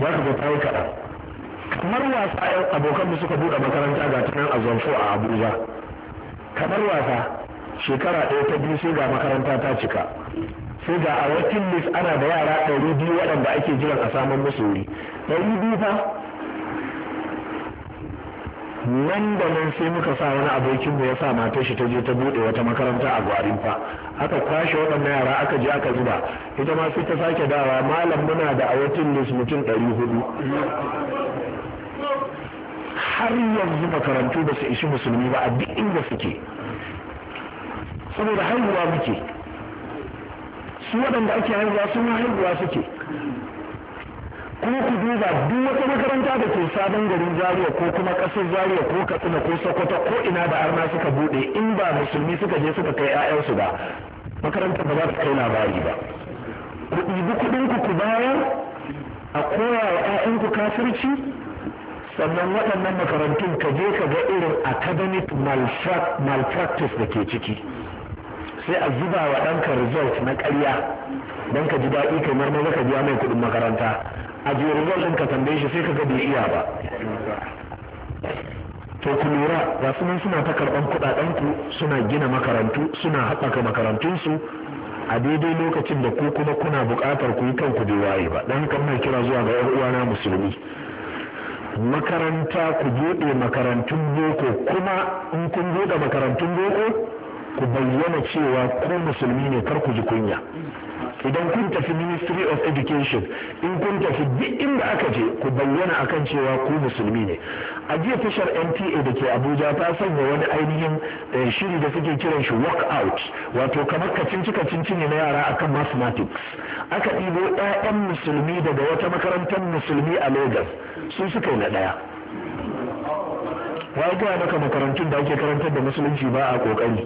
za ka ga kaɗan kamar wasa yan abokan da suka buɗe makaranta ga tunan a a abuja kamar wasa shekara ɗaya ta biyu sai ga makaranta ta cika sai ga a waiting list ana da yara ɗari biyu waɗanda ake jiran a samun musu wuri ɗari biyu fa nan da nan sai muka sa wani abokinmu ya sa matar shi ta je ta bude wata makaranta a gwarin fa aka kwashe waɗannan yara aka je aka zuba ita ma sai ta sake dawa malam muna da a watan mutum ɗari hudu har yanzu makarantu ba su ishi musulmi ba a duk inda suke saboda haihuwa muke su waɗanda ake haihuwa sun haihuwa suke kuma ku duba duk wata makaranta da ke sabon garin zaria ko kuma kasar zaria ko katsina ko sokoto ko ina da arna suka bude in ba musulmi suka je suka kai 'ya'yansu ba makaranta ba za ta kai labari ba ku ɗibi kuɗin ku bayar a koya wa 'ya'yanku kafirci sannan waɗannan makarantun ka je ka ga irin academic malpractice da ke ciki sai a zuba wa ɗanka result na ƙarya don ka ji daɗi kai marmaza ka biya mai kuɗin makaranta a jerizon ɗin ka tambaye shi sai ka ga bai iya ba to ku lura ga nan suna ta karɓan kuɗaɗen ku suna gina makarantu suna haɓaka makarantunsu a daidai lokacin da ku kuma kuna buƙatar ku yi kanku bai waye ba dan kan mai kira zuwa ga 'yan uwana musulmi makaranta ku buɗe makarantun boko kuma in kun buɗe makarantun boko ku bayyana cewa ku musulmi ne kar ku ji kunya idan kun tafi ministry of education in kun tafi duk inda aka je ku bayyana akan cewa ku musulmi ne a jiya tashar mta da ke abuja ta sanya wani ainihin eh, shiri da suke kiran shi walk out wato kamar kacici-kacici ne na yara akan mathematics aka ɗibo 'ya'yan musulmi daga wata makarantar musulmi a lagos su suka yi na ɗaya wa gaya maka makarantun da ake karantar da musulunci ba a ƙoƙari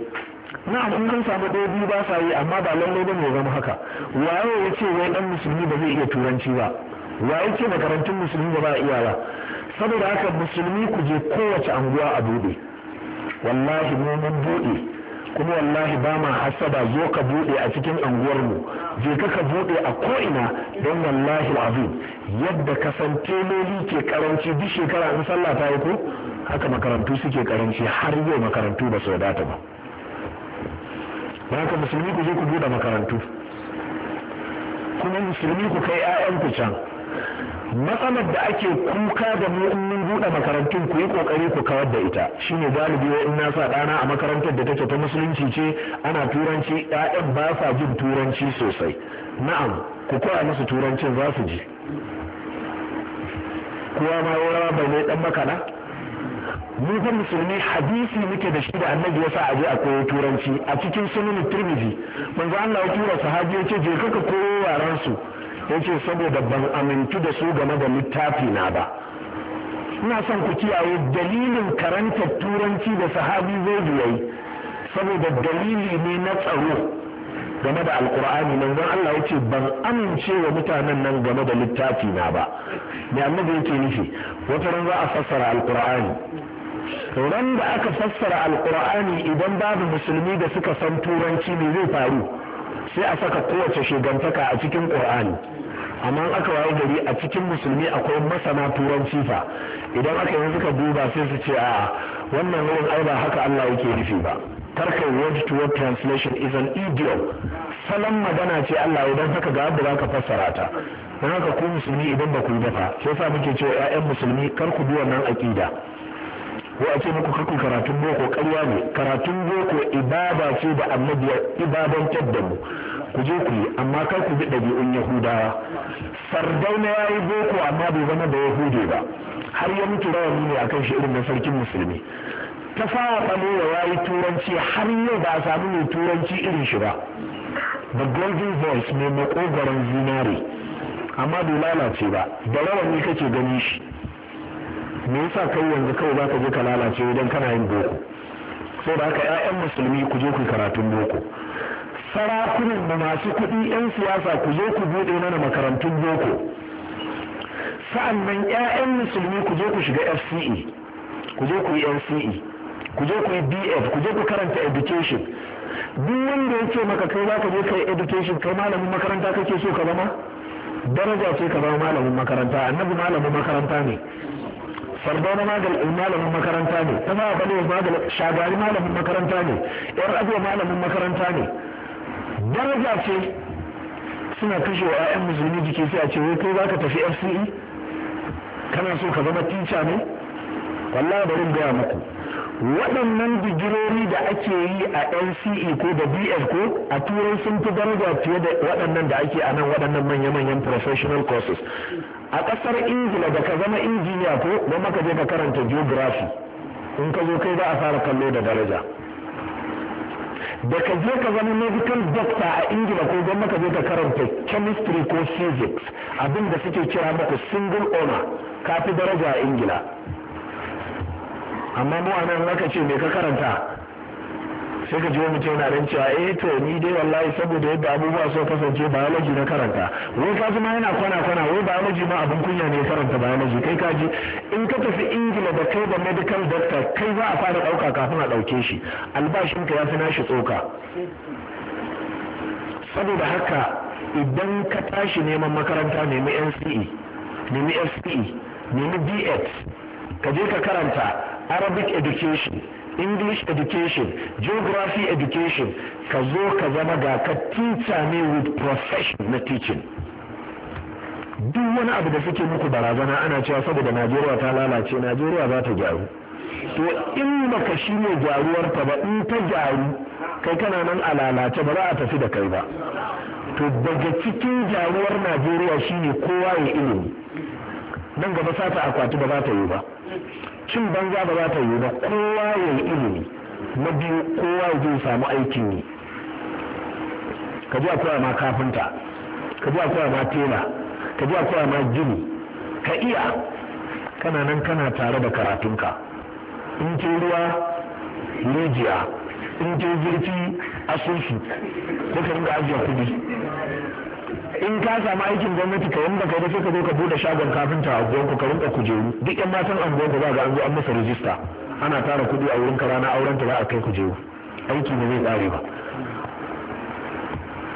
na in an samu ɗaya biyu ba sa yi amma ba lallai ba ne zama haka waye ya ce wai ɗan musulmi ba zai iya turanci ba waye ce makarantun musulmi ba ba iya ba saboda haka musulmi ku je kowace anguwa a buɗe wallahi mu mun buɗe kuma wallahi ba ma hasada zo ka buɗe a cikin anguwarmu je ka ka buɗe a ko ina don wallahi azim yadda ka san teloli ke karanci duk shekara in sallah ta yi ko haka makarantu suke karanci har yau makarantu ba su wadata ba da musulmi ku je ku buɗe makarantu kuma musulmi ku kai ku can matsalar da ake kuka da mu in mun buɗe makarantun ku yi kokari ku kawar da ita shine galibi wa in na sa ɗana a makarantar da take ta musulunci ce ana turanci 'ya'yan ba sa jin turanci sosai na'am ku koya musu turancin za su ji kowa ma rawa bai ne dan makana mu ga musulmi hadisi muke da shi da annabi yasa aje a koyo turanci a cikin sunan turmizi manzo Allah ya tura sahabi yace je ka koyo yaran su yace saboda ban amintu da su game da littafi na ba ina son ku kiyaye dalilin karanta turanci da sahabi zai yayi saboda dalili ne na tsaro game da alkur'ani manzon Allah ya ce ban amince wa mutanen nan game da littafi na ba me annabi yake nufi wata ran za a fassara alkur'ani ran da aka fassara alkur'ani idan babu musulmi da suka san turanci ne zai faru sai a saka kowace shigantaka a cikin qur'ani amma aka waye gari a cikin musulmi akwai masana turanci fa idan aka yi suka duba sai su ce a wannan wurin ai ba haka Allah yake nufi ba tarkar word to word translation is an idiom salon magana ce Allah idan haka ga abu ka fassara ta don haka ku musulmi idan ba ku yi ba fa sai sa muke cewa 'ya'yan musulmi kar ku bi wannan aƙida ko a ce muku kaku karatun boko karya ne karatun boko ibada ce da annabi ya ibadantar da mu ku je ku yi amma kar ku bi ɗabi'un yahudawa sardau na yayi boko amma bai zama da yahude ba har ya mutu rawani ne akan shi irin na sarkin musulmi ta fara ɓalewa ya yayi turanci har yau ba a samu mai turanci irin shi ba the golden voice mai makogaron zinare amma bai lalace ba da rawani kake gani shi me yasa kai yanzu kawai za ka je ka lalace idan kana yin boko sai da haka 'ya'yan musulmi ku je ku karatun boko sarakunan da masu kuɗi 'yan siyasa ku je ku buɗe mana makarantun boko sa'annan 'ya'yan musulmi ku je ku shiga fce ku je ku yi nce ku je ku yi bf ku je ku karanta education duk wanda ya ce maka kai za ka je kai education kai malamin makaranta kake so ka zama daraja ce ka zama malamin makaranta annabi malamin makaranta ne na malamin makaranta ne ta fara balewa da shagari malamin makaranta ne yar abuwa malamin makaranta ne daraja ce suna kashe wa 'ya'yan musulmi jiki sai a ce wai kai zaka tafi fce kana so ka zama tica ne wallahi bari gaya maku. waɗannan digirori da ake yi a nce ko da bl ko a turai sun fi daraja fiye da waɗannan da ake a nan waɗannan manya-manyan professional courses a ƙasar ingila da ka zama injiniya ko don maka je ka karanta geography in ka zo kai za a fara kallo da daraja da ka je ka zama medical doctor a ingila ko don maka je ka karanta chemistry ko physics abin da suke kira maku single owner ka fi daraja a ingila amma mu a nan aka ce me ka karanta sai ka ji wani mutum yana cewa eh to ni dai wallahi saboda yadda abubuwa so kasance biology na karanta wai ka zama yana kwana kwana wai biology ma abin kunya ne karanta biology kai ka ji in ka tafi ingila da kai da medical doctor kai za a fara ɗauka kafin a ɗauke shi albashin ka ya fi nashi tsoka saboda haka idan ka tashi neman makaranta nemi NCE nemi fce nemi BS ka je ka karanta arabic education english education geography education ka zo ka zama ga ka teacher ne with profession na teaching duk wani abu da suke muku barazana ana cewa saboda najeriya ta lalace najeriya za ta gyaru to in baka ne gyaruwar ta ba in ta gyaru kai kana nan a lalace ba za a tafi da kai ba to daga cikin gyaruwar najeriya shine kowa ya ilimi nan gaba sata akwati ba za ta yi ba cin banza ba za ta yi ba kowa ya yi ilimi na biyu kowa ya samu aikin yi ka ji akwai ma kafinta ka ji akwai ma tela ka ji akwai ma gini ka iya kana nan kana tare da karatunka in ke ruwa rijiya in ke zurfi asusu ko ka ringa ajiye kudi in ka samu aikin gwamnati ka yanda kai da sai ka zo ka bude shagon kafinta a gwanku ka rinka kujeru duk yan matan anguwa za ga an zo an masa rijista ana tara kuɗi a wurin rana auren ta za a kai kujeru aiki ne zai tsare ba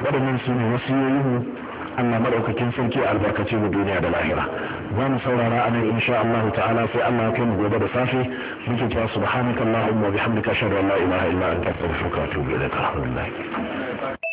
waɗannan su ne wasiyoyinmu Allah maɗaukakin sarki albarkace mu duniya da lahira za mu saurara a nan insha Allah ta'ala sai Allah kai mu gobe da safe muke kira subhanakallahumma wa bihamdika ashhadu an la ilaha illa anta astaghfiruka wa atubu ilaik alhamdulillah